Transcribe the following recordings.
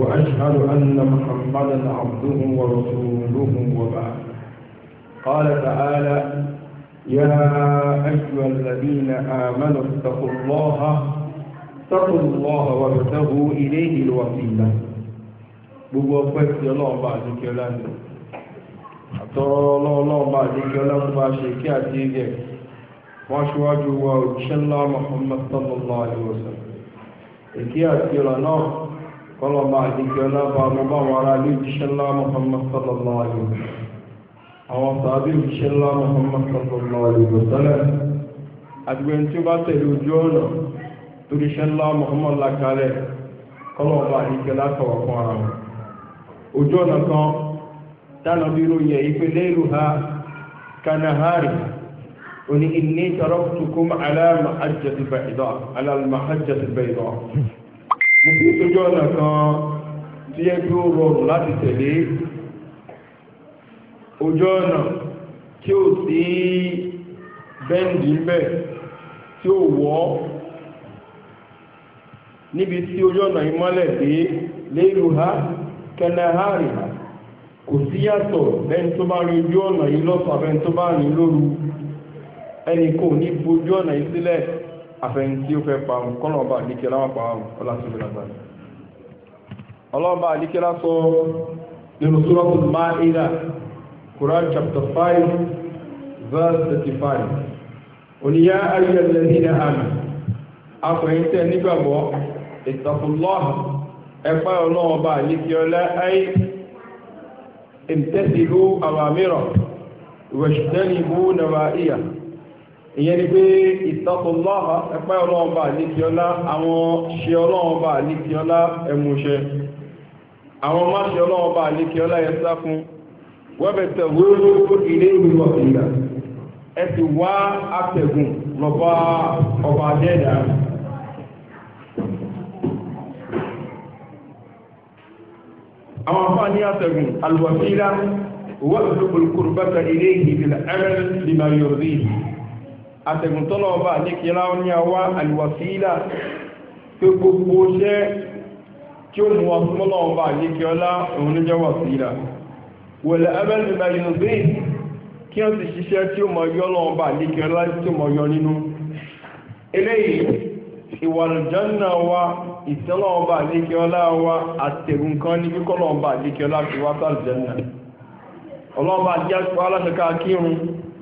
وأشهد أن محمدا عبده ورسوله وبعد قال تعالى يا أيها الذين آمنوا اتقوا الله اتقوا الله وابتغوا إليه الوسيلة بوقت الله بعد كلامه àtọ́rọ́lọ́ ọlọ́ọ̀bá àdéjọ́ ọlọ́ọ̀bá ṣe kí àti ẹgbẹ́ wọ́n ṣíwájú wa òṣèlá mọ̀hánmọ́tọ́lọ́lọ́ àdíwọ̀sán èkí àti ọ̀rọ̀ náà kọ́lọ̀ bá àdíkẹ́ ọlọ́bà ọmọbá wàrà ní òjíṣẹ́ ńlá Muhammad sallallahu alaihi wa sallam àwọn sàábí òjíṣẹ́ ńlá Muhammad sallallahu alaihi wa sallam àdúgbẹ́ni tí ó bá tẹ̀lé ojú ọ̀nà tó ríṣẹ́ ńlá Muhammad lákàrẹ̀ kọ́lọ̀ bá àdíkẹ́ látọ̀wọ̀ fún ara wọn ojú ọ̀nà kan dáná bí ròyìn èyí pé lẹ́rù ha kanahari oní inni taraktukum ala al-mahajjati mo fi sójú ọ̀nà kan tí yẹ o ó rọrùn láti tẹ̀lé ojú ọ̀nà tí ó sí bẹ́ǹdì ńbẹ̀ tí ó wọ́ níbi tí ojú ọ̀nà ìmọ́lẹ̀ dé lélu ha kẹnẹhárì ha kò sí yàtọ̀ bẹ́ẹ̀ tó bá rí ojú ọ̀nà yìí tó bá rí lóru ẹnì kò ní àfẹn tí ó fẹ́ parun kọ́nà ọba àdíkẹ́ láwọn parun ọlásìlú lágbàdì ọlọ́ọ̀bá àdíkẹ́ lásọ nínú Suratul Maida Quran chapter five verse thirty five oníyá ayé alladhina amanu afẹ́yìn tẹ́ nígbàgbọ́ ittaqullah ẹ̀pá ọlọ́ọ̀bá àdíkẹ́ ọlá ayé imtasilu awamira wajtanibu nawahiya ìyẹn ni pé ìtàkùnláha ẹ̀pẹ́ ọlọ́ọ̀bà àlékiọlá àwọn ṣe ọlọ́ọ̀bà àlékiọlá ẹ̀mùṣẹ́ àwọn má ṣe ọlọ́ọ̀bà àlékiọlá ẹ̀ sákun wẹ́bẹ̀tẹ̀ wóró ilé ìwé ọ̀gbìnà ẹ ti wá àtẹ̀gùn lọ́ba ọba adẹ́dà. àwọn afáàní àtẹ̀gùn alùpàfíìlà wọ́n ti dókòlù kúrú bàtà ilé ìgbìlẹ̀ ẹ̀rẹ́ àtẹ̀gùntọ́lọ̀ ọba àdékẹ́lá ní àwá àlùwàsílà pé gbogbo iṣẹ́ tí ó mú wa súnmọ́lọ̀ ọba àdékẹ́lá òun ló jẹ́ wàsílà wẹ̀lẹ̀ abẹ́lẹ̀ ìlànà kí wọ́n ti ṣiṣẹ́ tí ó mọ̀ yọ́ lọ́wọ́ ọba àdékẹ́lá tí ó mọ̀ yọ nínú eléyìí ìwàlùjọ́nà wa ìtẹ́lọ̀ ọba wa àtẹ̀gùn kan ní kíkọ́lọ̀ ọba àdékẹ́lá fi wá sálùjọ́nà ọlọ́ọ̀bá jẹ́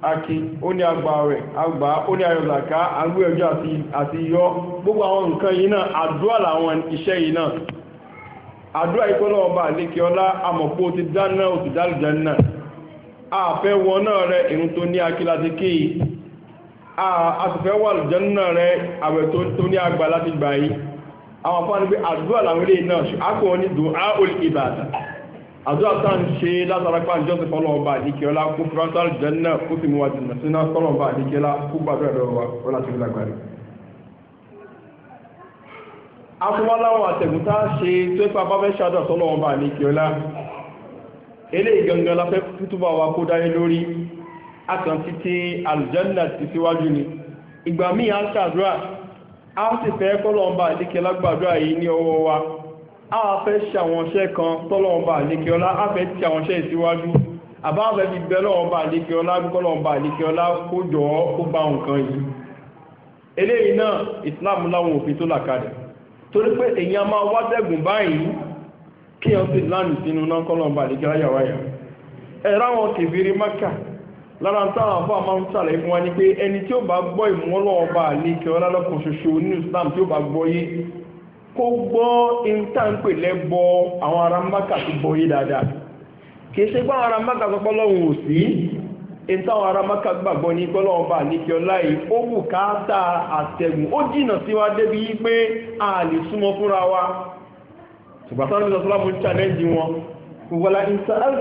aki ó ní agbà rẹ̀ agbà ó ní ayọ̀làká agbé ọjọ́ àti yọ gbogbo àwọn nǹkan yìí náà àdúrà làwọn iṣẹ́ yìí náà àdúrà yìí kọ́nà ọba àlékè ọlá àmọ̀pọ̀ ti dáná òtù dálùjá náà àfẹ́ wọ náà rẹ irun tó ní akí láti kí yìí àtùfẹ́ wà lùjá náà rẹ àwẹ̀ tó ní agbà láti gbà yìí àwọn afọ́ àdúrà làwọn eléyìí náà àdúrà tá à ń ṣe látara pé àjọsìn fọlọ́ọ̀ba àdìkẹ́ọ́lá kó fúrántàlì jẹ́nà kó sì mú wa jìnnà sínú fọlọ́ọ̀ba àdìkẹ́ọ́lá kó gbàdúrà lọ́wọ́ wa ó láti fi lágbára. akọ́wáláwọ̀ àtẹ̀gùn tá a ṣe tó ipa bá fẹ́ ṣàdọ̀ sọlọ́ọ̀ba àdìkẹ́ọ́lá eléyìí gangan la fẹ́ tútúbà wa kó dáyé lórí àtàn àlùjẹ́nà ti síwájú ni ìgbà míì á ṣàdúrà á sì fẹ́ kọ́lọ́ọ̀ba àdìkẹ́ọ́lá gbàdúrà yìí ní wa a fẹ́ ṣàwọn iṣẹ́ kan tọ́lọ́wọ́n bá àlékè ọlá a fẹ́ ti àwọn iṣẹ́ ìsíwájú àbá fẹ́ fi bẹ́ lọ́wọ́n bá àlékè ọlá kọ́lọ́wọ́n bá àlékè ọlá kó jọ kó bá nǹkan yìí eléyìí náà Islam láwọn òfin tó là kalẹ̀ torí pé èèyàn máa wá dẹ́gùn báyìí kí ẹ sì lánìí sínú náà kọ́lọ́wọ́n bá àlékè ọlá yàwá yà ẹ̀rọ lára ń táwọn afọ àmọ́ ń sàlẹ̀ fún wa ni pé ẹni tí ó bá gbọ́ ìmọ́lọ́wọ́ bá àlékè ṣoṣo nínú Islam tí ó bá gbọ́ yé kó gbọ́ ìntànpè lẹ́bọ àwọn ará Mákà tó bọ yé dáadáa kì í ṣe pé àwọn ará Mákà sọ pé Ọlọ́run ò sí ìntàwọn ará Mákà gbàgbọ́ ní pé bá níkẹ́ ọlá yìí ó káàtà àtẹ̀gùn wa débi yí pé a lè súnmọ́ fúnra wa ṣùgbọ́n sáwọn ìṣọ̀tún wọn wàlá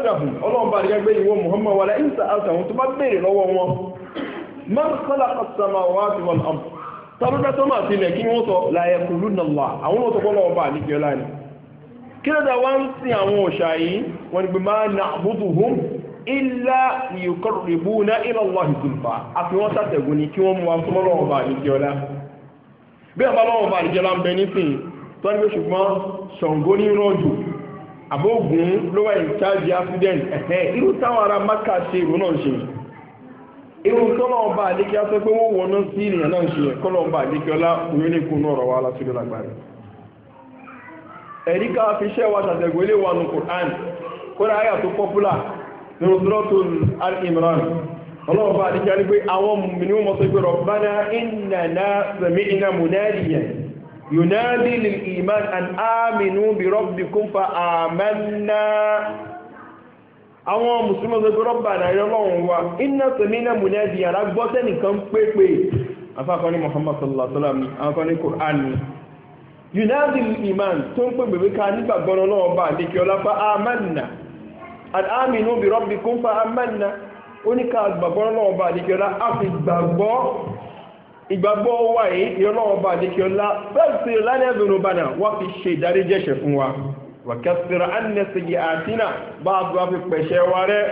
bá Muhammad wàlá tọ́lọ́dá tó máa sílẹ̀ kí wọ́n sọ láyẹ̀kùlú nàlá àwọn òsọ pọ́lọ̀ ọba àníkẹ́ ọlá ni kí lọ́dá wá ń sin àwọn òṣà yìí wọ́n ni pé máa na àbútù hùn ilá ìyókọ̀rìbú ná ìlọ́lọ́ ìgbìmọ̀ àfi wọ́n sàtẹ̀gùn ni kí wọ́n mú wọn sọmọ́lọ́ ọba àníkẹ́ ọlá irun tọ́lọ̀ ọba àdékí á sọ pé wọ́n wọná sí ènìyàn náà ṣe kọ́lọ̀ ọba àdékí ọlá òyìnlẹ́kùn náà rọwà látúndé lágbàrí ẹ̀rí ká fi ṣẹ́ wa ṣàtẹ̀gùn ilé wa nù Qur'an kóra ayà tó pọ́pùlà nínú sọ́tò al-Imran ọlọ́ọ̀bá àdékí á ní pé àwọn mìíní wọn sọ pé Rabbana innana sami'na munadiyan yunadi lil iman an aminu bi rabbikum fa amanna àwọn mùsùlùmí ọ̀sẹ̀ gbọ́dọ̀ bà náà lọ́wọ́n wa iná tèmi náà múlẹ̀ di yàrá gbọ́ sẹ́nìkan pépè afáfọ́ ní Muhammad sallallahu alayhi wa sallam afáfọ́ ní Qur'an yunadi iman tó ń pè bèbè ká nígbàgbọ́ lọ́wọ́ bá àdékè ọlá fa amanna al-aminu bi rabbikum fa amanna ó ní ká gbàgbọ́ lọ́wọ́ bá àdékè ọlá á ìgbàgbọ́ wà yìí ìyọ́lọ́wọ́ ọlá fẹ́ẹ̀ sí lánàá وكفر عنا سيئاتنا بعض وفي بشوارع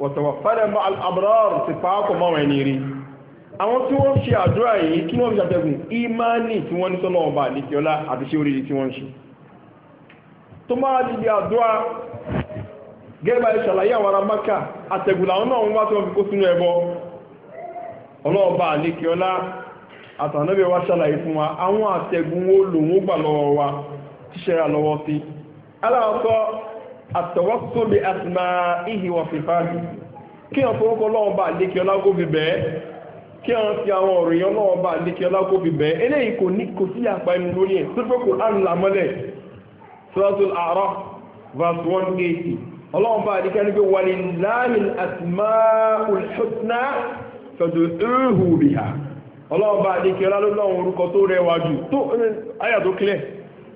وتوفنا مع الأبرار صفات موينيري àwọn tí wọ́n ṣe àdúrà yìí kí wọ́n fi ṣàtẹ̀gùn ìmáàní tí wọ́n ní sọ́nà ọba àdìkíọ́lá àti ṣé oríire tí wọ́n ń ṣe tó máa di di àdúrà gẹ́gbà ìṣàlàyé àwọn ará Mákà àtẹ̀gùn làwọn náà ń wá tí wọ́n fi kó sínú ẹbọ ọlọ́ọ̀ba àdìkíọ́lá àtànábẹ̀ ṣàlàyé fún wa àwọn àtẹ̀gùn wo lòun ó gbà lọ́wọ́ wa tíṣẹ́ra lọ́wọ́ sí aláwọ̀kọ́ àtọwọ́sọ bí asùnmá ìhì wọ̀ fìfà kí wọ́n fọwọ́kọ́ lọ́wọ́ bá lékè ọlágó fi bẹ́ẹ̀ kí wọ́n fi àwọn ọ̀rọ̀ yẹn lọ́wọ́ bá lékè ọlágó fi bẹ́ẹ̀ eléyìí kò ní kò sí àpá ẹnu lórí ẹ̀ sípò kò án làmọ́lẹ̀ suratul A'raf verse one eighty ọlọ́wọ́ bá lékè ẹni pé walillahi al-asma'ul husna fad'uhu biha ọlọ́wọ́ bá lékè ọlá ló lọ́wọ́ orúkọ tó rẹwà jù tó ayà tó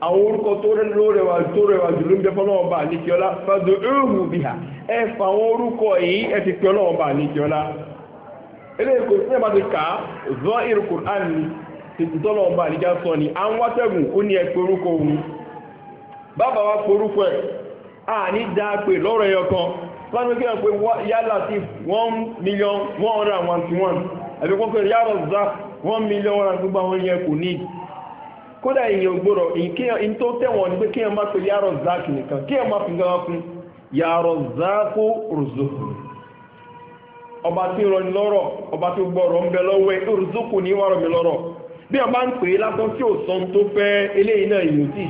àwọn orúkọ tó rẹwà tó rẹwà jùlọ ń bẹ fọlọ́wọ́n bá àníkíọ́lá fàdó éhù bìhà ẹ fà àwọn orúkọ yìí ẹ ti pẹ́ ọlọ́wọ́n bá àníkíọ́lá eléyìí kò sí ẹ̀bá ti kà á zọ́ ìrù Qur'an ni tètè tọ́lọ́wọ́n bá àníkíá sọ ni à ń wá tẹ́gùn ó ní ẹ pé orúkọ òun bàbá wa pé orúkọ ẹ̀ à ní dáa pé lọ́rọ̀ ẹ̀yọ kan fáwọn kí wọ́n pe yá Latif one million one hundred and one to one àbí wọ́n pe yá one million one hundred and two kódà èèyàn gbọ́dọ̀ èyí tó tẹ̀wọ̀n ni pé kéèyàn má pe yàrá zak nìkan kéèyàn má fi gan fún yàrá zákó rùzùkù ọba tí ń rọni lọ́rọ̀ ọba tó gbọ́rọ̀ ń bẹ lọ́wọ́ rùzùkù ní wàrọ̀ mi lọ́rọ̀ bí ọba ń pè é lásán tí ò sọ́n tó fẹ́ eléyìí náà èèyàn tí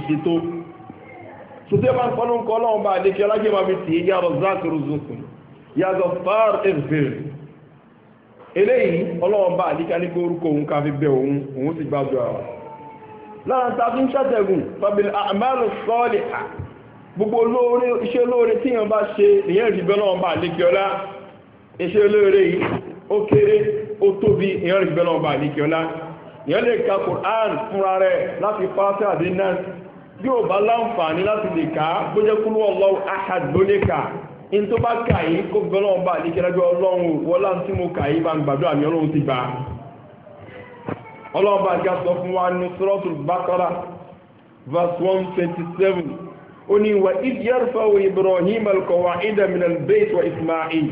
ì lára ta fi ń ṣàtẹ̀gùn fabil àmàlù sọ́ọ̀lì à gbogbo lóore iṣẹ́ lóore tí yàn bá ṣe ìyẹn rí bẹ́ẹ̀ náà bá lékè ọlá iṣẹ́ lóore yìí ó kéré ó tóbi ìyẹn rí bẹ́ẹ̀ náà bá lékè ọlá ìyẹn lè ka Quran fúnra rẹ̀ láti pàṣẹ àdé náà bí ò bá láǹfààní láti lè kà á bó jẹ́ kúrú Allahu ahad ló in tó bá kà yìí kó bẹ́ẹ̀ náà bá lékè ọlọ́ọ̀bá ga sọ fún wa ní suratul Baqara verse one twenty seven ó ní wa idh yarfa'u Ibrahim al-qawa'ida min al-bayt wa Isma'il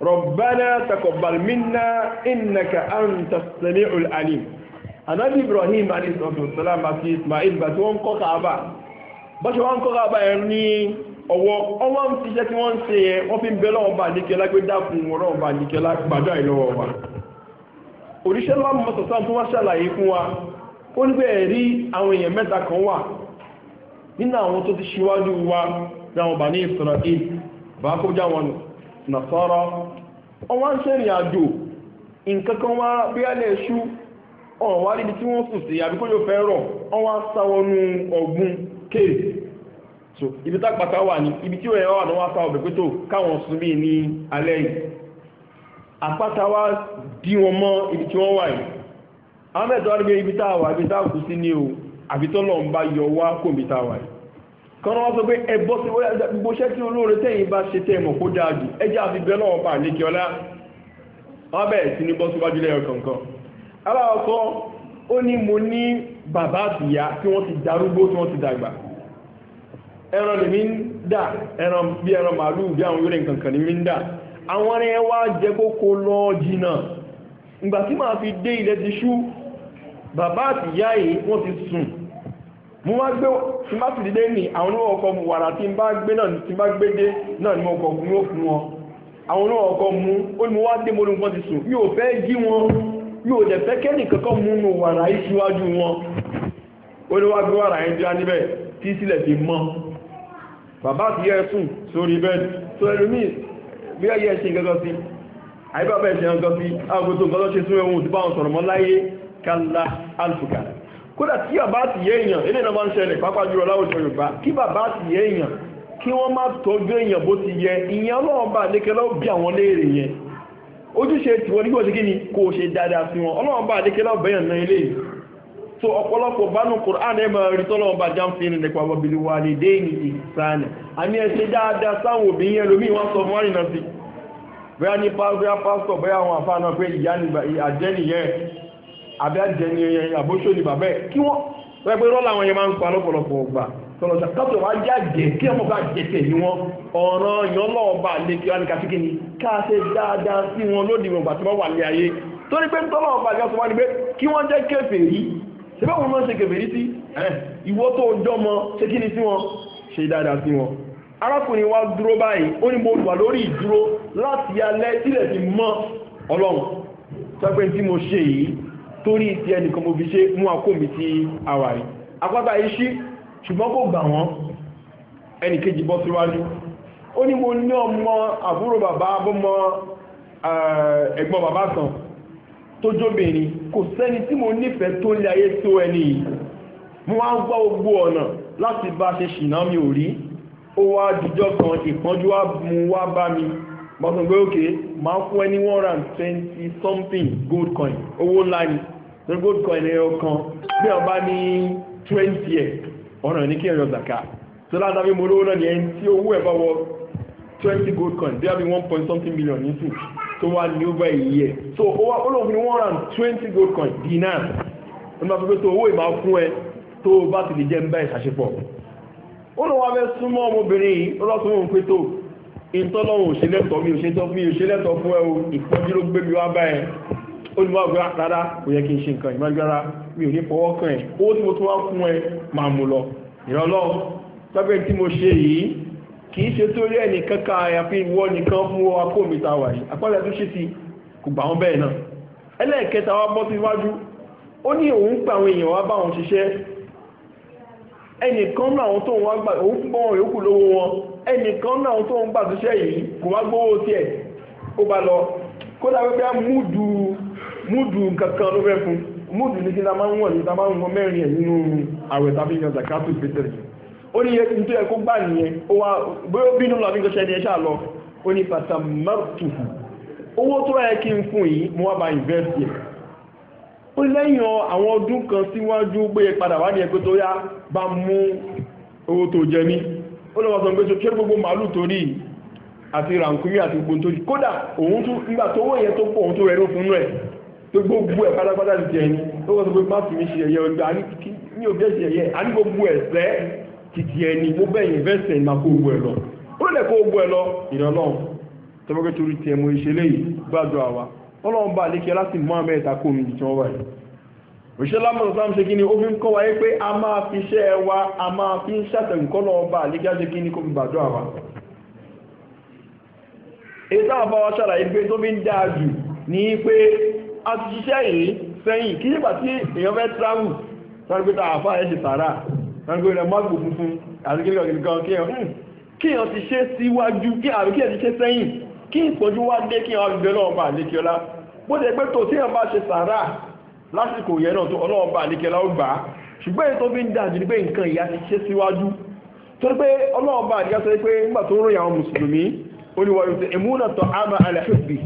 Rabbana taqabbal minna innaka anta as-sami'ul 'alim anabi Ibrahim alayhi salatu wa salam àti Isma'il bàtí wọ́n kọ́ Kaaba bọ́sẹ̀ wọ́n kọ́ Kaaba yẹn ní ọwọ́ ọwọ́ ń fi tí wọ́n ń ṣe yẹn wọ́n fi ń bẹ lọ́wọ́ bá gbé dákun wọ́n lọ́wọ́ bá àdìkẹ́lá gbàdúrà ìlọ́wọ́ òríṣẹ́ ńlá mọ́sọ̀tán tó wá ṣàlàyé fún wa ó ní pé ẹ̀rí àwọn èèyàn mẹ́ta kan wà nínú àwọn tó ti ṣíwájú wa dáwọn bà ní Israel bá kó já wọn Nasara wọ́n wá ń ṣẹ́rìn àjò nǹkan wá bí alẹ́ ṣú ọ̀rọ̀ wá níbi tí wọ́n sùn sí àbí kó yóò so ibi ta wà ní ibi tí ó yẹ wà ní wọ́n sá ọ̀bẹ̀ pé tó káwọn àpáta wá dí wọn mọ́ ibi tí wọ́n wà yìí ahmed wá rí pé ibi tá a wà ibi tá a kù sí ni o àfi tọ́lọ̀ ń bá yọ wá kò ibi tá a wà yìí kọ́nà wá sọ pé ẹ bọ́ sí gbogbo iṣẹ́ tí olóore tẹ̀yìn bá ṣe tẹ̀ mọ̀ kó dáa jù ẹ jẹ́ àfi bẹ́ẹ̀ náà bá àlékè ọlá wọ́n sí ní bọ́ síwájú lẹ́yọ̀ kọ̀ọ̀kan aláwọ̀kọ́ ó ní mo ní bàbá àtìyá tí wọ́n ti darúgbó tí wọ́n ti dàgbà ẹran lèmi ń dà ẹran bí ẹran màálù bí àwọn yóò lè kankan lèmi ń dà àwọn ẹ̀rẹ́ wá jẹ kókó lọ jìnà ìgbà tí màá fi dé ilẹ̀ ti ṣú bàbá àti ìyá yìí wọ́n ti sùn mo wá gbé tí bá ti dìde ní àwọn oníwọ̀ ọkọ̀ mu wàrà tí bá gbé náà tí bá gbé dé náà ni mo kọ̀ fún yóò fún wọn àwọn oníwọ̀ ọkọ̀ mu ó ní mo wá dé mo ní wọ́n ti sùn mi ò fẹ́ jí wọn mi dẹ̀ fẹ́ kẹ́nì kankan mú nu wàrà yìí síwájú wọn ó ní wá gbé wàrà yẹn já níbẹ̀ tí sílẹ̀ ti mọ́ bàbá àti ìyá ẹ̀ sùn sórí bẹ́ẹ̀ tó ẹlòmíì bí ọyẹ ẹ̀ṣin gẹ́gọ́ sí àyíbábẹ̀ ẹ̀ṣin gẹ́gọ́ sí agbótó nǹkan lọ́ṣẹ́ sún ẹ̀hún ìdíbà sọ̀rọ̀ mọ́ láyé kálá alùpùpù kódà tí bàbá àti yé èèyàn ilé náà máa ń ṣẹlẹ̀ pápá jùlọ láwùjọ Yorùbá kí bàbá àti yé èèyàn kí wọ́n má tọ́jú èèyàn bó ti yẹ ìyẹn Ọlọ́run bá àdékẹ́ lọ́wọ́ bí àwọn léèrè yẹn ojúṣe tiwọn nígbà tí kí ni kò ṣe dáadáa sí wọn Ọlọ́run bá àdékẹ́ lọ́wọ́ bẹ́yàn náà ilé so ọ̀pọ̀lọpọ̀ bánú Qur'an ẹ̀ máa rí tọ́lọ́wọ́n bá jáǹ fi nípa wàbìlì wàlídéènì ìsàlẹ̀ àmì ẹ̀ ṣe dáadáa sáwọn òbí yẹn lómi wọn sọ fún àrìnà sí i bóyá ní bóyá pásítọ̀ bóyá àwọn àfáà náà pé ìyá ni àjẹ́ nìyẹn àbí àjẹ́ ni àbóṣó ni bàbá ẹ̀ kí wọ́n wọ́n pé rọ́lá àwọn yẹn máa ń pa lọ́pọ̀lọpọ̀ ọgbà tọ́lọ́sà káàtó wá jẹ́ àjẹ́ kí ọmọ bá jẹ́tẹ̀ ní wọn ọ̀ràn yàn lọ́ọ̀bà lè kí wọ́n ní kàtíkì ni ká ṣe dáadáa sí wọn lódì wọn gbàtí wọ́n wà ní ayé torí pé tọ́lọ́ọ̀bà yẹn sọ wá ní pé kí wọ́n jẹ́ kèfèrí ṣe báwọn náà ṣe kèfèrí sí ìwọ́ tó jọmọ ṣe kí ni sí wọn ṣe dáadáa sí wọn arákùnrin wa dúró báyìí ó ní mo wà lórí ìdúró láti alẹ́ tílẹ̀ fi mọ́ ọlọ́run tọ́pẹ́ tí mo ṣe yìí torí ti ẹnìkan mo fi ṣe mú akómi ti àwàrí apáta iṣí ṣùgbọ́n kò gbà wọ́n ẹnìkejì bọ́ síwájú ó ní mo ní ọmọ àbúrò bàbá bọ́mọ ẹ̀gbọ́n bàbá kan tó jóbìnrin kò sẹ́ni tí mo nífẹ̀ẹ́ tó lé ayé tó ẹni yìí mo wá ń gbọ́ gbogbo ọ̀nà láti bá ṣe ṣìnà mi ò rí ó wá dìjọ́ kan ìpọ́njú wá mú wá bá mi bọ́sùn pé òkè máa fún ẹni one and twenty something gold coin owó ńlá ni torí gold coin ẹyọ kan bí wọ́n bá ní twenty ẹ̀ ọ̀ràn ní kí ẹ̀yọ zaka tó láti àbí mo lówó náà ní ẹni tí owó ẹ̀ bá wọ twenty gold coin bí wọ́n bí one point something million nísìn tó wá ní over a year so ó lóun fi one hundred and twenty gold coin dinar ó ní wọ́n fi pé tó owó ìmáa fún ẹ tó o bá ti lè jẹ́ ń bá ẹ̀ ṣàṣepọ̀ ó lọ́wọ́ abẹ́ súnmọ́ ọmọbìnrin yìí ó lọ́sùn òun pé tó ìtọ́lọ́hùn òṣèlẹ́tọ̀ mi òṣèlẹ́tọ̀ mi òṣèlẹ́tọ̀ fún ẹ o ìpọ́jú ló gbé mi wá bá ẹ ó ní wọ́n gbé rárá kò yẹ kí n ṣe nǹkan ìmájúra mi ò ní fọwọ́ kàn ẹ owó tí mo tún wá fún ẹ máa mú lọ ìrọlọ́ tọ́pẹ́ tí mo ṣe yìí kì í ṣe torí ẹnì kankan àyàfi ìwọ nìkan fún akó mi ta wà yìí àpọ́lẹ̀ tó ṣe ti kò gbà wọ́n bẹ́ẹ̀ náà ẹlẹ́ẹ̀kẹta wa bọ́ síwájú ó ní òun pè àwọn èèyàn wá bá òun ṣiṣẹ́ ẹnìkan náà àwọn tó ń wá gbà òun fún bọ́wọ́n yòókù lówó wọn ẹnìkan náà àwọn tó ń gbà tó ṣẹ́ yìí kò wá gbówó tiẹ̀ ó bá lọ kódà pé múdù múdù kankan ló fẹ́ fún múdù ní kí n máa ń wọ̀ ní ta máa ń wọ mẹ́rin ẹ̀ nínú àwẹ̀ tàbí yan zakato ìpẹ́tẹ̀rẹ̀ ó ní ẹni tó yẹ kó gbà nìyẹn ó wá bóyá bínú lọ àbíkọ́ ṣẹ́ni ẹ ṣáà lọ ó ní pàtàkì mọ́tò owó tó yẹ kí n fún yìí mo wá bá invest yẹn ó lẹ́yìn àwọn ọdún kan síwájú pé padà wá ní ẹgbẹ́ tó yá bá mú owó tó jẹ mí ó lọ́wọ́ sọ pé ṣe gbogbo màálù torí àti ràǹkúrí àti gbogbo tó kódà òun tún nígbà tó wọ́n yẹn tó pọ̀ òun tó rẹ̀ ló fún rẹ̀ pé gbogbo ẹ̀ pátápátá ti jẹ ni ó wọ́n sọ pé má fi mi ṣe ẹ̀yẹ ọgbà ní òbí ẹ̀ṣẹ̀ ẹ̀yẹ a ní gbogbo ẹ̀ṣẹ̀ títí ẹni mo bẹ́ẹ̀ invest in kó gbogbo ẹ̀ lọ ó lẹ̀ kó gbogbo ẹ̀ lọ ìrọ̀lọ́run tọ́mọ́kẹ́ torí tiẹ̀ mo ṣe léyìí gbádùn àwa ọlọ́run bá àlékẹ́ láti mọ́ àmẹ́ ìtakò mi jù tí wọ́n wáyé òṣèlá mọ̀sán ṣe kí ni ó fi ń kọ́ wáyé pé a máa fi ṣẹ́ wa a máa fi ń ṣàtẹ̀kọ́ lọ́wọ́ bá àlékẹ́ ṣe kí ni kó fi bàjọ́ àwa ètò àbáwá ṣàlàyé pé tó fi ń dáa jù ní pé a ti ṣiṣẹ́ yìí sẹ́yìn kí nígbà tí èèyàn fẹ́ travel sáré pé ta àfa ẹ̀ ṣe tààrà sáré pé rẹ̀ mọ́gbò funfun àti hmm, kí kí ìpọ́njú wá dé kí wọ́n bẹ lọ́wọ́ bá àlékè ọlá bó ṣe pé tó tí wọ́n bá ṣe sàárà lásìkò yẹn náà tó ọlọ́wọ́ bá àlékè ọlá ó gbà á ṣùgbọ́n èyí tó fi ń dà jù ní pé nǹkan ìyá ti ṣe síwájú torí pé ọlọ́wọ́ bá àlékè sọ pé nígbà tó ń ròyìn àwọn mùsùlùmí olùwàyò tẹ ìmúnà tó àmà àlẹ́fẹ̀bì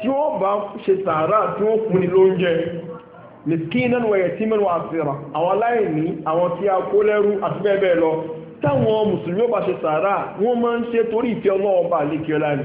tí wọ́n bá ṣe sàárà tí wọ́n fún ni lóúnjẹ miskinan wa yatiman wa asira àwọn aláìní àwọn tí a kó lẹ́rú àti bẹ́ẹ̀ bẹ́ẹ̀ lọ táwọn mùsùlùmí ó bá ṣe sàárà wọ́n máa ń ṣe torí ìfẹ́ ọlọ́wọ́ bá àlékè ọlá ni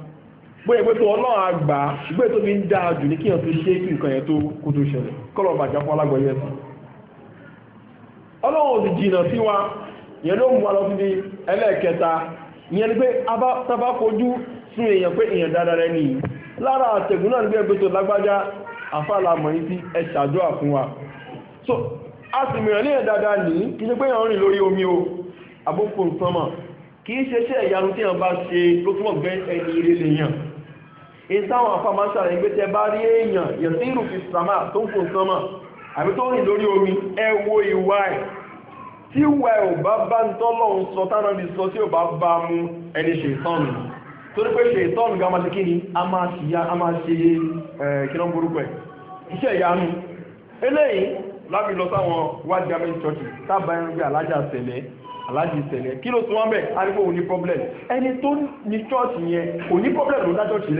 bóyá pé tó ọlọ́run àgbà ṣùgbọ́n ètò mi ń dáa jù ní kíyàn tó ṣe kí nǹkan yẹn tó kó tó ṣẹlẹ̀ kọ́lọ̀ bàjá fún alágbọ̀n yẹn ọlọ́run ò sì sí wa yẹn ló mú wa síbi ẹlẹ́ẹ̀kẹta ìyẹn ni pé tábà fojú sún èèyàn pé èèyàn dáadáa rẹ nìyí lára àtẹ̀gùn náà nígbà pé tó lágbájá so a sì mìíràn ní ẹ̀ dáadáa nìyí kì í ṣe pé èèyàn rìn lórí omi o àbókò ìsáwọn afọmọṣà rẹ̀ gbẹ́tẹ̀ bá rí èèyàn yẹ̀sí ìrùfì sàmà tó ń fún sánmà àbí tó rìn lórí omi ẹ wo ìwà ẹ̀ tí ìwà ẹ̀ ò bá bá ń tọ́lọ̀ ń sọ tánà bí sọ tí ò bá bá mú ẹni ṣe ìtọ́nù torí pé ṣe ìtọ́nù ga máa ṣe kí ni alájì sẹ̀lẹ̀ kí ló tún wọ́n bẹ̀ á ní problem ẹni tó ní chọ́ọ̀tì yẹn kò problem ló dá chọ́ọ̀tì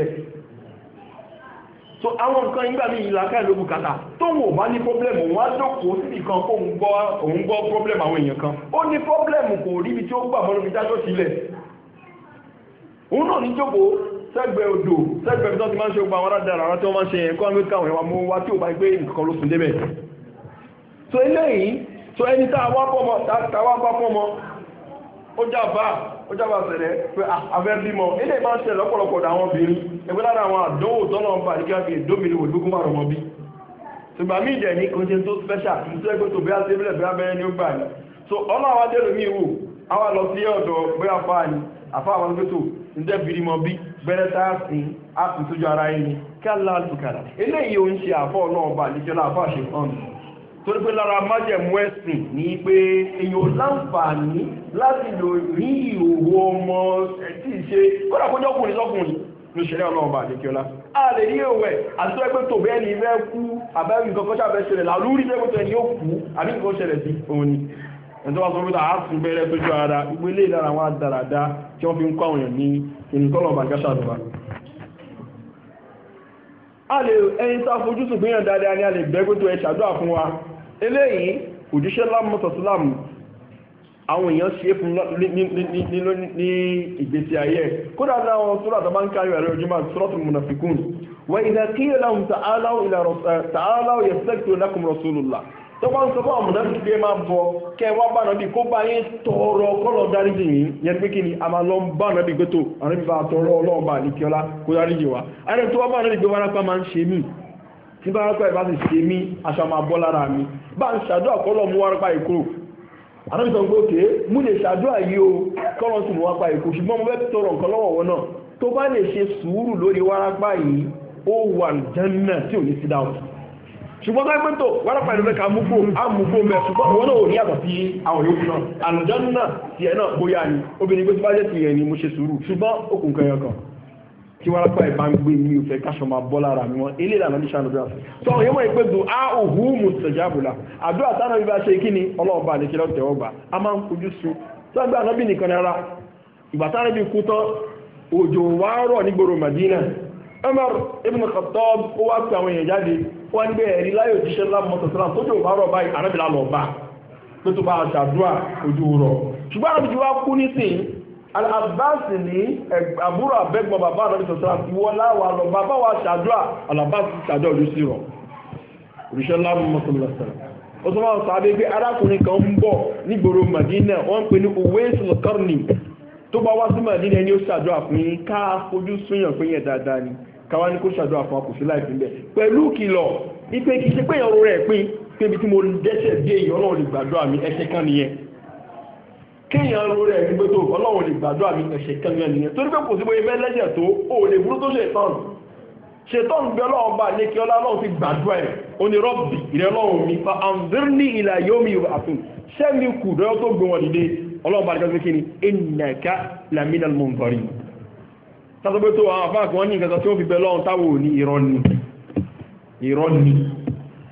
so àwọn nǹkan ìgbà mi ìlàkà ìlú bùkátà tóun ò bá ní pọ́blẹ́mù wọn á jókòó sí nìkan kó òun gbọ́ òun gbọ́ pọ́blẹ́mù àwọn èèyàn kan ó ní pọ́blẹ́mù kò rí ibi tí ó gbà mọ́ lóbi dájọ́ sílẹ̀ òun náà ní jókòó sẹ́gbẹ̀ẹ́ odò sẹ́gbẹ̀ẹ́ tó ti máa ń ṣe gba àwọn aládàra àwọn tí wọ́n máa ń ṣe ẹ̀kọ́ àwọn ìkàwé wa mú wa tí ò bá gbé nǹkan ló so eléyìí so tá a wá pọ́mọ tá a wá bá pọ́mọ ó jà bá ó jà bá sẹ̀rẹ̀ pé àfẹ́ ah, bímọ eléyìí máa ń ṣẹlẹ̀ lọ́pọ̀lọpọ̀ ẹgbẹ́ lára àwọn àdánwò tọ́lọ̀ ń bà nígbà bíi ìdómìnì wò lógún márùn mọ́ bí ṣùgbọ́n àmì ìdẹ̀ ní kò ṣe tó special kì ṣe pé bí a ṣe bílẹ̀ bí abẹ́rẹ́ ni ó gbà ní so ọlọ́ àwọn adẹ́rù mi wò àwọn lọ sí ọ̀dọ̀ pé afá ni afá àwọn olùgbẹ́tò ń tẹ́ bìrì ni kálá àtùkàrà eléyìí ò ń ṣe àfọ́ náà bà níjọ́lá àfọ́ àṣepọ̀n torí pé lára májẹ̀mú ẹ̀sìn ní pé èèyàn láǹfààní láti lò rí ìhòòhò ọmọ ẹ̀ tí ì ṣe kójọ́kùnrin sọ́kùnrin ló ṣẹlẹ̀ ọlọ́ọ̀bà àdékíọ́lá a lè ní èwẹ̀ àti tó ẹgbẹ́ tó bẹ́ẹ̀ ni fẹ́ kú àbẹ́rù nǹkan kan ṣàbẹ̀ ṣẹlẹ̀ làlúrí fẹ́ kótó ẹni ó kú àbí nǹkan ṣẹlẹ̀ sí òun ni ẹni tó wá sọ pé a sùn bẹ́rẹ̀ tó jọ ara gbogbo ilé ìlara wọn dáradára tí wọ́n fi ń kọ́ àwọn èèyàn ní ìnìkọ́lọ̀ọ̀bà gáṣà àdúrà a lè ẹni tá a fojú sùn gbìyànjú dáadáa ni a lè bẹ́ kótó ẹ ṣàdúrà fún wa eléyìí òjíṣẹ́ lámọ́tọ̀sílámù àwọn èèyàn ṣe é fún ní ìgbésí ayé kódà láwọn sọ́rọ̀ àtàbá ń kárí ẹ̀rọ ìjọba suratul munafikun wa idha qila lahum ta'alaw eh, yastaghfir lakum rasulullah tó bá ń sọ fún àwọn mùnàfi pé máa bọ̀ kẹ wá bá nàbí kó bá yín tọrọ kọlọ dáríjì yín yẹn pé kí ni a máa lọ ń bá nàbí gbé tó àrẹ́bí bá tọrọ ọlọ́run bá àdìkíọ́lá kó dáríjì wá àrẹ́bí tó bá bá nàbí gbé wá rápá máa ń ṣe mí tí bá rápá ìbá sì ṣe mí aṣọ máa bọ́ lára mi bá ń ṣàdúrà kọlọ̀ mú wá rápá ìkúrò àtàbí sọ̀rọ̀ pé òkè mú lè ṣàdúrà yìí o kọ́rọ̀ sì mú wá pa èkó ṣùgbọ́n mo fẹ́ tọrọ nǹkan lọ́wọ́ wọn náà tó bá lè ṣe sùúrù lórí wárápá yìí ó wà jẹ́nà tí ò ní sí dáhùn ṣùgbọ́n bá pẹ́ntò wárápá ìlú mẹ́ka múgbò àmúgbò mẹ́ ṣùgbọ́n wọn náà ò ní yàtọ̀ sí àwọn yòókù náà àlùjọ́ ni obìnrin pé tí bá jẹ́ tiẹ̀ tí wárápá ìbá ń gbé mi ò fẹ́ káṣọ máa bọ́ lára mi wọn ilé ìlànà níṣà lọ́dọ̀ àṣẹ sọ àwọn yẹn mọ̀ pé dùn á òhù mustajabula àdúrà táwọn ibi àṣẹ kí ni ọlọ́ọ̀bá àdékè lọ́tẹ̀ ọgbà a máa ń fojú sun sọ́gbà ànábì nìkan ni ara ìgbà táwọn ibi kú tán òjò wá rọ̀ nígboro Madina Umar ibn Khattab ó wá pe àwọn èèyàn jáde ó wá níbẹ̀ ẹ̀rí láyò jíṣẹ́ lámọ́tòsílá tójò wá rọ̀ báyìí alabasi abbas àbúrò abẹ́gbọ́n bàbá àdàbí sọ̀tàn ìwọ láwa lọ bàbá wa ṣàdúrà alabasi abbas ṣàdúrà ojú sí rọ̀ òṣìṣẹ́ láàmú mọ́tòmílá ó sọ wọn sọ abẹ́gbẹ́ kan ń bọ̀ nígboro Madina wọ́n pe ní Uwaisul Qarni tó bá wá sí Madina ẹni ó ṣàdúrà fún yín ká fojú yẹn dáadáa ni káwá kéèyàn ro rẹ̀ ní gbẹ́tò ọlọ́run lè gbàdúrà mi ẹ̀ṣẹ̀ kẹ́lẹ́ nìyẹn torí pé kò sí bóyá mẹ́lẹ́jẹ̀ tó o lè burú tó ṣe tán ṣetán bí ọlọ́run bá ní kí ọlá ọlọ́run ti gbàdúrà ẹ̀ ó ní rọ́bì ìrẹ́ ọlọ́run mi fa àǹdírní ìlà yóò mi yóò àfin sẹ́mi kù lọ́yọ́ tó gbé wọn dìde ọlọ́run bá ní kí ni ìnàká lamina mọ̀nbọ̀rì tásọ́gbé tó àwọn afáàkì wọn ní nǹkan tó fi bẹ lọ́run táwọn ò ní irọ́ ni irọ́ ni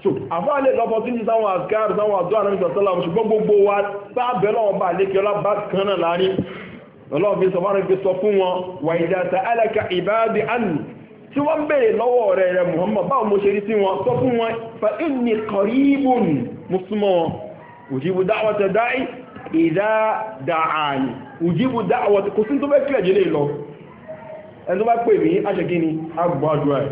so àfáà lè lọ́pọ̀ tí ní sáwọn àṣkáàrù sáwọn àjọ àrùn ìjọsọ́lá ṣùgbọ́n gbogbo wa sáàbẹ̀ lọ́wọ́ bá lékẹ́ ọlá bá kan náà láàrin ọlọ́run fi sọ fáwọn fi sọ fún wọn wà ìdàtà alaka ìbáàdì àlù tí wọ́n béèrè lọ́wọ́ rẹ̀ rẹ̀ Muhammad báwo mo ṣe rí sí wọn sọ fún wọn fa inni qaribun mùsùlùmọ́ wọn ujibu da'wata da'i idha da'ani ujibu da'wata kò sí tó fẹ́ kílẹ̀ jẹ́lẹ̀ lọ ẹni tó bá pè mí àṣẹ kí ni àgbọ̀ àdúrà ẹ̀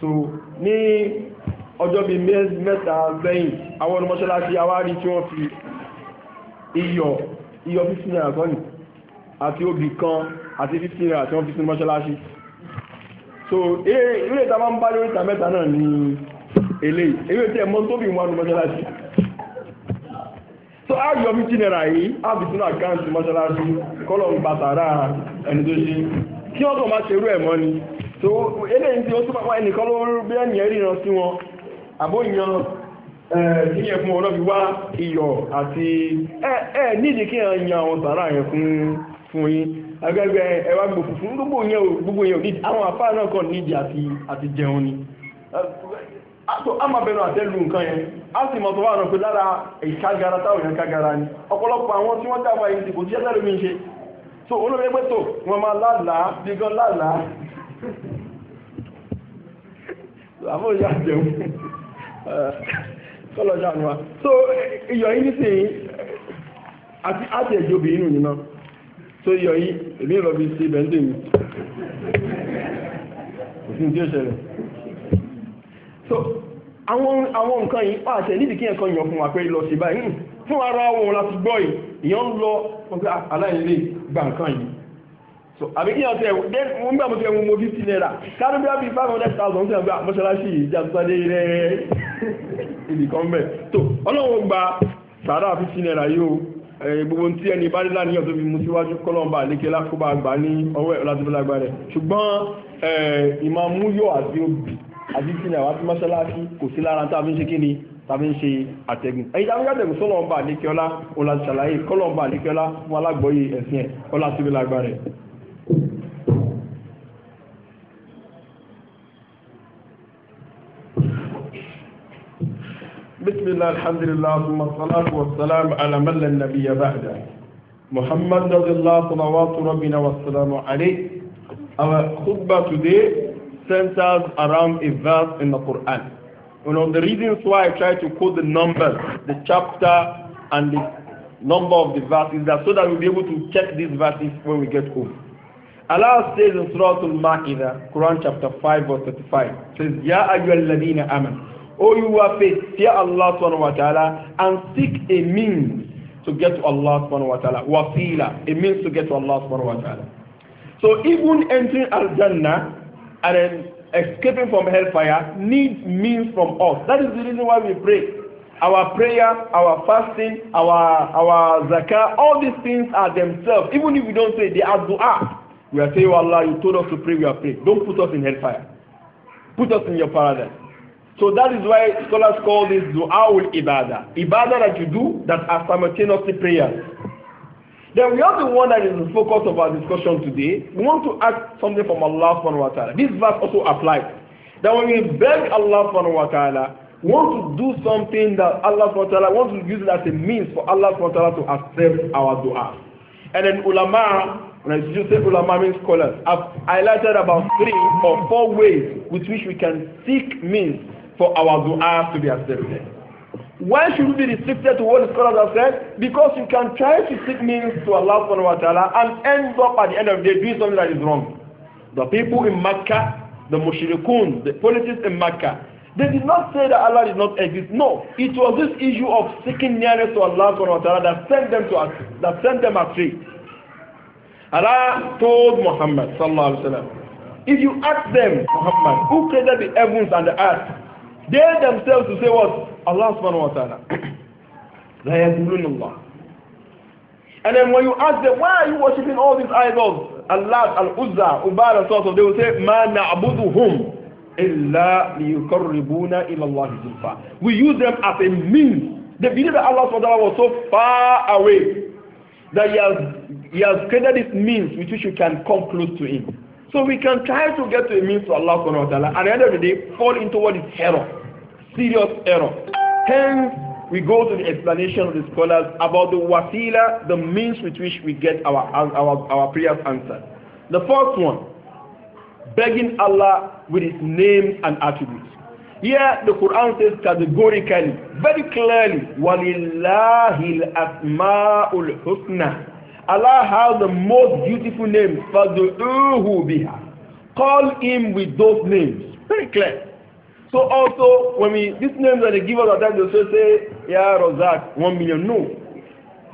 so ní ọjọ́ bíi mẹ́ta lẹ́yìn àwọn olùmọ́ṣáláṣí awárí tí wọ́n fi iyọ̀ iyọ̀ fífún náírà sọ́nì àti obì kan àti fífún náírà tí wọ́n fi sínú mọ́ṣáláṣí so ilé ìta máa ń bá lórí ìta mẹ́ta náà ní eléyìí ewé tí ẹ mọ́ tóbi wọn ní so a yọ fífún náírà yìí a fi sínú àkáǹtì mọ́ṣáláṣí kọ́lọ̀ ń gbàtàrà ẹni tó ṣe kí wọ́n tó máa ṣerú ẹ̀ ni so eléyìí tí ó túbọ̀ wá ẹnìkan ló bí ẹ̀yìn ẹ̀rí ìran sí wọn àbóyan kíyẹ̀ fún ọ̀nà fi wá iyọ̀ àti ẹ̀ nídìí kí ẹ̀ yan àwọn sàárà yẹn fún fún yín agbẹ́gbẹ́ ẹwà gbòfò fún gbogbo yẹn gbogbo yẹn nídìí àwọn afárá náà kàn nídìí àti àti jẹun ni so a máa bẹnu àtẹ́lu nǹkan yẹn a sì mọ̀ tó wà náà pé lára ìkágara táwọn yẹn kágara ni ọ̀pọ̀lọpọ̀ àwọn tí wọ́n dábàá yìí ti kò sí ẹ̀sẹ̀ lómi ń ṣe so olóògbé pẹ́tò wọn máa lálàá bí gan lálàá so iyọ̀ yìí nísìnyí àti àti ẹ̀jẹ̀ obìnrin so iyọ̀ yìí èmi ìrọ̀bì ṣe bẹ́ńdì mi kò sí ní tí ó ṣẹlẹ̀ so àwọn àwọn nǹkan yìí pàṣẹ níbi kí ẹ̀kan yàn fún wa pé lọ sí báyìí hmm, fún ara wọn láti gbọ́ yìí ìyàn ń lọ ah, aláìlè gba nǹkan yìí so àbí kí yàn tẹ ẹ mo gbà mo tẹ mo mo fifty naira kárí bí wàá fi five hundred thousand tẹ gbà mọ́ṣáláṣí ìjàdúgbàdé rẹ ibìkan bẹ̀ tó ọlọ́run gba sàrà fifty naira yìí o gbogbo ntí ẹni bá dé láníyàn tó fi mu síwájú kọlọ́ọ̀bà àlékelá kó bá gbà ní ọwọ́ ẹ̀ láti fúnra gba rẹ̀ ṣùgbọ́n ìmàmú yọ àti obì àti tí náà wá sí mọ́ṣáláṣí kò sí lára tá a fi ń ṣe kí ni tá a fi ń ṣe àtẹ̀gùn ẹ̀yìn tá a fi ń ṣe àtẹ̀gùn sọ́lọ́ọ̀bà àlékelá ọ̀làṣàlàyé kọlọ́ọ̀bà àlékelá fún alágbọ̀ọ́yé ẹ̀sìn ẹ̀ ọ̀làṣìbìlágbà rẹ̀. بسم الله الحمد لله ثم الصلاة والسلام على من لا نبي بعده محمد رضي الله صلوات ربنا والسلام عليه Our khutbah today centers around a verse in the Quran. You know, the reasons why I try to quote the number, the chapter and the number of the verse is that so that we'll be able to check these verses when we get home. Allah says in Surah Al-Ma'idah, Quran chapter 5 verse 35, says, Ya ayyuhalladhina aman. O you who have faith, fear Allah subhanahu wa ta'ala and seek a means to get to Allah subhanahu wa ta'ala. Wasila, a means to get to Allah subhanahu wa ta'ala. So even entering Al-Jannah and then escaping from hellfire needs means from us. That is the reason why we pray. Our prayer, our fasting, our, our zakah, all these things are themselves. Even if we don't say, they are dua. We are saying, oh Allah, you told us to pray, we are praying. Don't put us in hellfire. Put us in your paradise. So that is why scholars call this du'a'ul ibadah. Ibadah that you do that are simultaneously prayers. Then we have the one that is the focus of our discussion today. We want to ask something from Allah subhanahu wa ta'ala. This verse also applies. That when we beg Allah subhanahu wa ta'ala, we want to do something that Allah subhanahu wa ta'ala wants to use it as a means for Allah subhanahu wa ta'ala to accept our dua. And then ulama Nigerian Islamic scholars have highlighted about three or four ways with which we can seek means for our dua to be accepted. Why should we be restricted to what the scholars have said? Because you can try to seek means to Allah subhanahu wa ta'ala and end up at the end of the day doing something that is wrong. The people in Mecca, the mushrikun, the politics in Mecca, they did not say that Allah did not exist. No, it was this issue of seeking nearness to Allah subhanahu wa ta'ala that sent them to that sent them astray. Allah told Muhammad sallallahu alaihi wasallam, if you ask them, Muhammad, who created the heavens and the earth, they themselves will say what? Allah subhanahu wa ta'ala. La yadulun Allah. And then when you ask them, why are you worshiping all these idols? Allah, Al-Uzza, Ubad and so on, they will say, ma na'buduhum illa liyukarribuna ila Allah We use them as a means. They believe that Allah subhanahu wa ta'ala was so far away that he has, he has created this means with which you can come close to him. So we can try to get to a means to Allah subhanahu wa ta'ala and at the end of the day fall into what is error, serious error. Hence, we go to the explanation of the scholars about the wasila, the means with which we get our, our, our prayers answered. The first one, begging Allah with his name and attributes. Here the Quran says categorically, very clearly, وَلِلَّهِ الْأَسْمَاءُ الْحُسْنَى Allah has the most beautiful name, فَدُعُوهُ بِهَا Call him with those names. Very clear. So also, when we, these names that they give us at times, they say, Ya Razak, one million. No.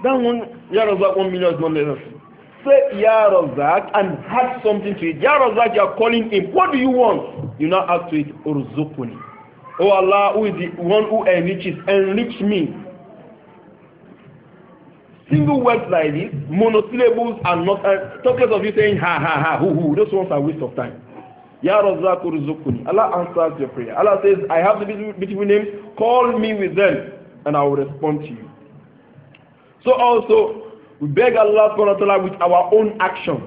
That one, Ya Razak, one million is not enough. Say Ya Razak and add something to it. Ya Razak, you are calling him. What do you want? You now add to it, Urzukuni. Oh Allah, who is the one who enriches, enrich me. Single words like this, monosyllables are not, uh, talk of you saying ha ha ha hoo hoo. Those ones are waste of time. Ya Razzaq Allah answers your prayer. Allah says, I have the beautiful names, call me with them and I will respond to you. So also, we beg Allah subhanahu wa ta'ala with our own actions.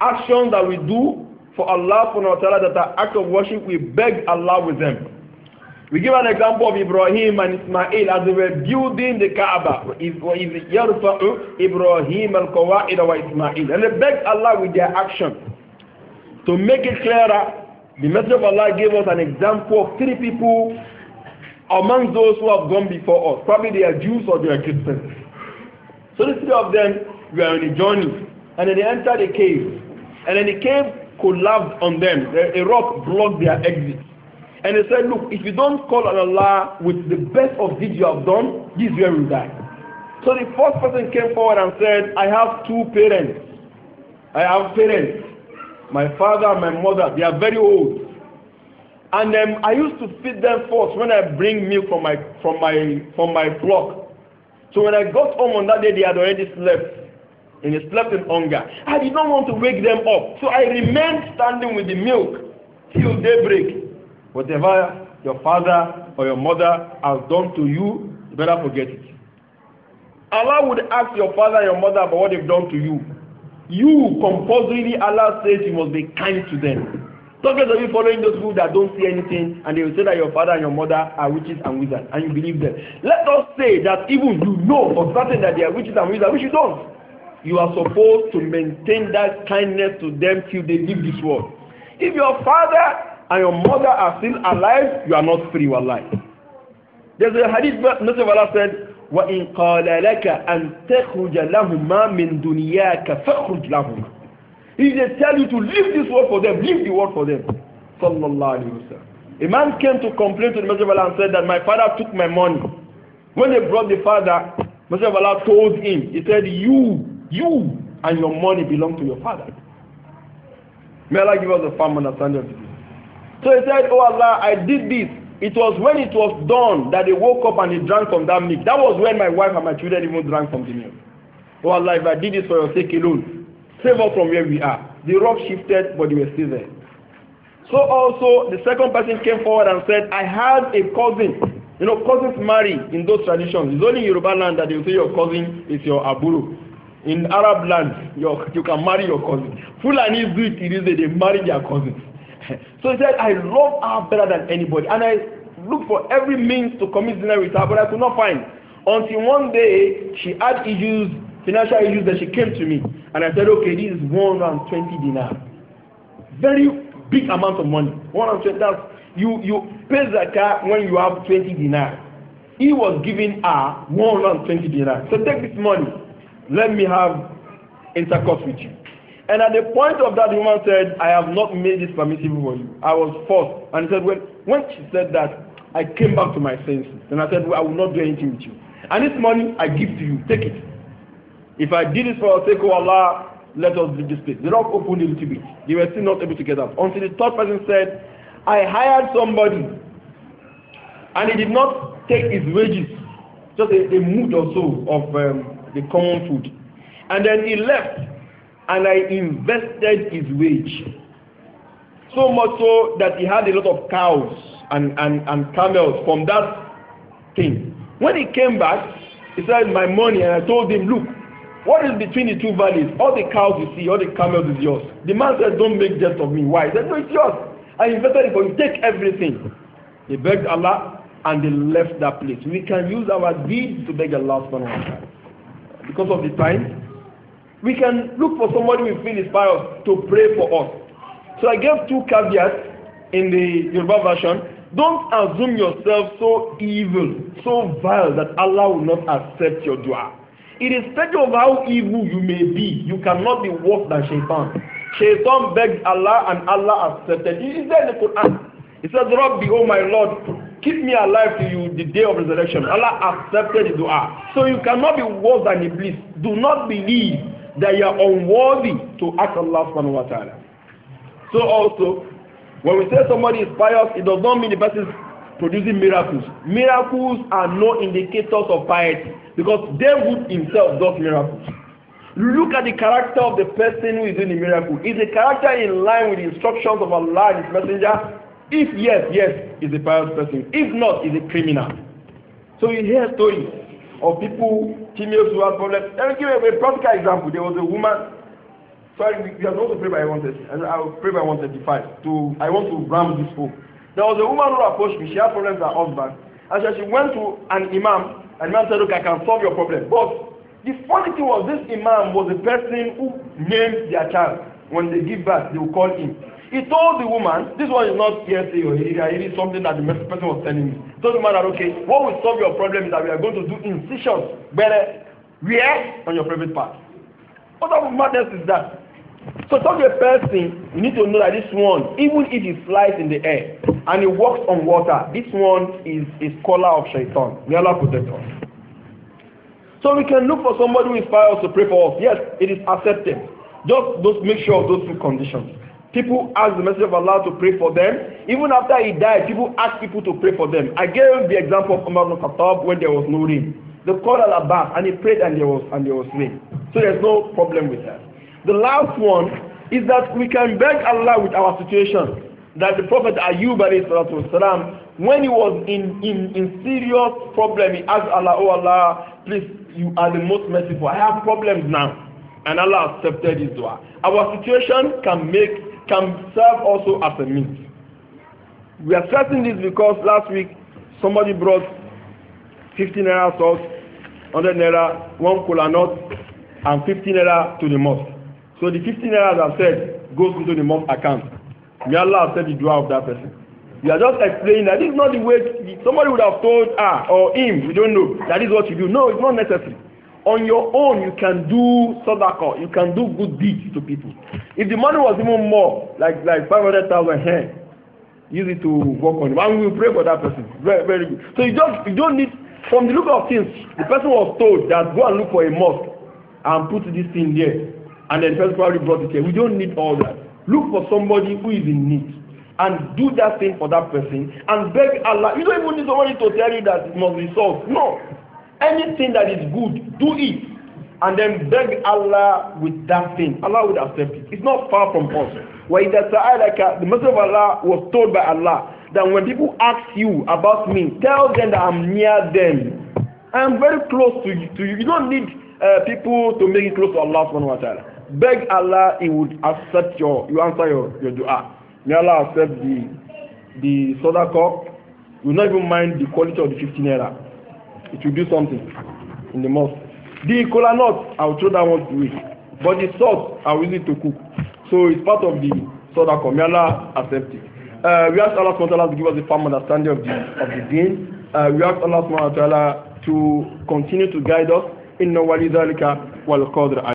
Actions that we do for Allah subhanahu wa ta'ala that are act of worship, we beg Allah with them. We give an example of Ibrahim and Ismail as they were building the Kaaba. وَإِذْ يَرْفَعُ إِبْرَاهِيمَ الْقَوَائِدَ Ismail, And they begged Allah with their action. To make it clearer, the Messenger of Allah gave us an example of three people among those who have gone before us. Probably they are Jews or they are Christians. So the three of them were on a journey. And then they entered a cave. And then the cave collapsed on them. A rock blocked their exit. And they said, Look, if you don't call on Allah with the best of deeds you have done, this is where you die. So the first person came forward and said, I have two parents. I have parents. My father and my mother, they are very old. And um, I used to feed them first when I bring milk from my, from, my, from my flock. So when I got home on that day, they had already slept. In they slept in hunger. I did not want to wake them up, so I remained standing with the milk till daybreak. Whatever your father or your mother has done to you, you better forget it. Allah would ask your father and your mother about what they've done to you. You, compulsorily, Allah says you must be kind to them. Some of you following those people that don't see anything and they will say that your father and your mother are witches and wizards and you believe them. Let us say that even you know for certain that they are witches and wizards, which you don't you are supposed to maintain that kindness to them till they leave this world. If your father and your mother are still alive, you are not free wallahi. There's a hadith where Allah said, وَإِنْ قَالَ لَكَ أَنْ تَخْرُجَ لَهُمَا مِنْ دُنْيَاكَ فَخْرُجْ لَهُمَا He just tell you to leave this world for them, leave the world for them. Sallallahu alayhi wa sallam. A man came to complain to the Messenger of Allah and said that my father took my money. When they brought the father, Messenger of Allah told him, he said, you You and your money belong to your father. May Allah give us a firm understanding of this. So he said, Oh Allah, I did this. It was when it was done that he woke up and he drank from that milk. That was when my wife and my children even drank from the milk. Oh Allah, if I did this for your sake alone, save us from where we are. The rock shifted, but they were still there. So also, the second person came forward and said, I had a cousin. You know, cousins marry in those traditions. It's only in Yoruba land that they will say your cousin is your aburu in arab land your, you can marry your cousin fulani do it it is they marry their cousin so he said i love her better than anybody and i look for every means to commit dinner with her but i could not find until one day she had issues financial issues that she came to me and i said okay this is one hundred and twenty dinar very big amount of money one hundred and twenty that's you you pay zakat when you have twenty dinar he was giving her one hundred and twenty dinar so take this money let me have intercourse with you. And at the point of that, the woman said, I have not made this permissible for you. I was forced. And he said, when, when she said that, I came back to my senses. And I said, well, I will not do anything with you. And this money I give to you. Take it. If I did it for the sake of Allah, let us leave this place. The rock opened a little bit. They were still not able to get up. Until the third person said, I hired somebody. And he did not take his wages. Just a, a mood or so of um, the common food. And then he left and I invested his wage. So much so that he had a lot of cows and, and, and camels from that thing. When he came back, he said, My money, and I told him, Look, what is between the two valleys? All the cows you see, all the camels is yours. The man said, Don't make jest of me. Why? He said, No, it's yours. I invested it for you. Take everything. They begged Allah and they left that place. We can use our deeds to beg Allah subhanahu wa ta'ala because of the time, we can look for somebody we feel inspired to pray for us. So I gave two caveats in the Yoruba version. Don't assume yourself so evil, so vile that Allah will not accept your dua. Irrespective of how evil you may be, you cannot be worse than Shaitan. Shaitan begged Allah and Allah accepted. It is there in the Quran. It says, Rabbi, oh my Lord, keep me alive till you the day of resurrection. Allah accepted the dua. So you cannot be worse than Iblis. Do not believe that you are unworthy to ask Allah subhanahu wa ta'ala. So also, when we say somebody is pious, it does not mean the person is producing miracles. Miracles are no indicators of piety because David himself does miracles. Look at the character of the person who is doing the miracle. Is the character in line with the instructions of Allah and His Messenger? If yes, yes, is a pious person. If not, is a criminal. So you hear stories of people, females who have problems. Let me give you a practical example. There was a woman. Sorry, we, we are supposed to pray by one thirty. I will pray by one thirty-five. To, I want to ram this home. There was a woman who approached me. She had problems with her husband. And so she went to an imam. And the imam said, Look, I can solve your problem. But the funny thing was, this imam was the person who named their child. When they give birth, they will call him. He told the woman, this one is not hearsay or area, it is something that the person was telling me. He told the man that, okay, what will solve your problem is that we are going to do incisions, better where? On your private part. What type of madness is that? So talk to a person, you need to know that this one, even if he flies in the air and he walks on water, this one is a scholar of shaitan. the Allah protect So we can look for somebody who inspires us to pray for us. Yes, it is accepted. Just, just make sure of those two conditions. People ask the messenger of Allah to pray for them. Even after he died, people ask people to pray for them. I gave the example of Umar ibn Khattab when there was no rain. They called Al-Abbas and he prayed and there was and there was rain. So there's no problem with that. The last one is that we can beg Allah with our situation. That the Prophet Ayub والسلام, when he was in, in, in serious problem, he asked Allah, Oh Allah, please, you are the most merciful. I have problems now. And Allah accepted his dua. Our situation can make can serve also as a means. We are stressing this because last week somebody brought 15 naira salt, 100 naira, one kola nut, and 15 naira to the mosque. So the 15 naira, as I said, goes into the mosque account. May Allah accept the dua of that person. We are just explaining that this is not the way somebody would have told her ah, or him, we don't know, that is what you do. No, it's not necessary on your own you can do sadaqa you can do good deeds to people if the money was even more like like five hundred thousand here use it to work on it and we pray for that person very very good so you just you don't need from the look of things the person was told that go and look for a mosque and put this thing there and then the person probably brought it here we don't need all that look for somebody who is in need and do that thing for that person and beg Allah you don't even need somebody to tell you that it must be solved no anything that is good, do it. And then beg Allah with that thing. Allah would accept it. It's not far from us. وَإِذَا سَأَلَكَ The Messenger of Allah was told by Allah that when people ask you about me, tell them that I'm near them. I'm very close to you. To you. you don't need uh, people to make it close to Allah subhanahu wa ta'ala. Beg Allah, He would accept your, you answer your, your dua. May Allah accept the, the sadaqah. You will not even mind the quality of the fifteen naira it will do something in the mosque. The kola nut, I will throw that one away. But the salt, I will use it to cook. So it's part of the sadaqah. May Allah accept it. Uh, we ask Allah SWT to give us a firm understanding of the, of the deen. Uh, we ask Allah SWT to continue to guide us. in إنه ولذلك والقدر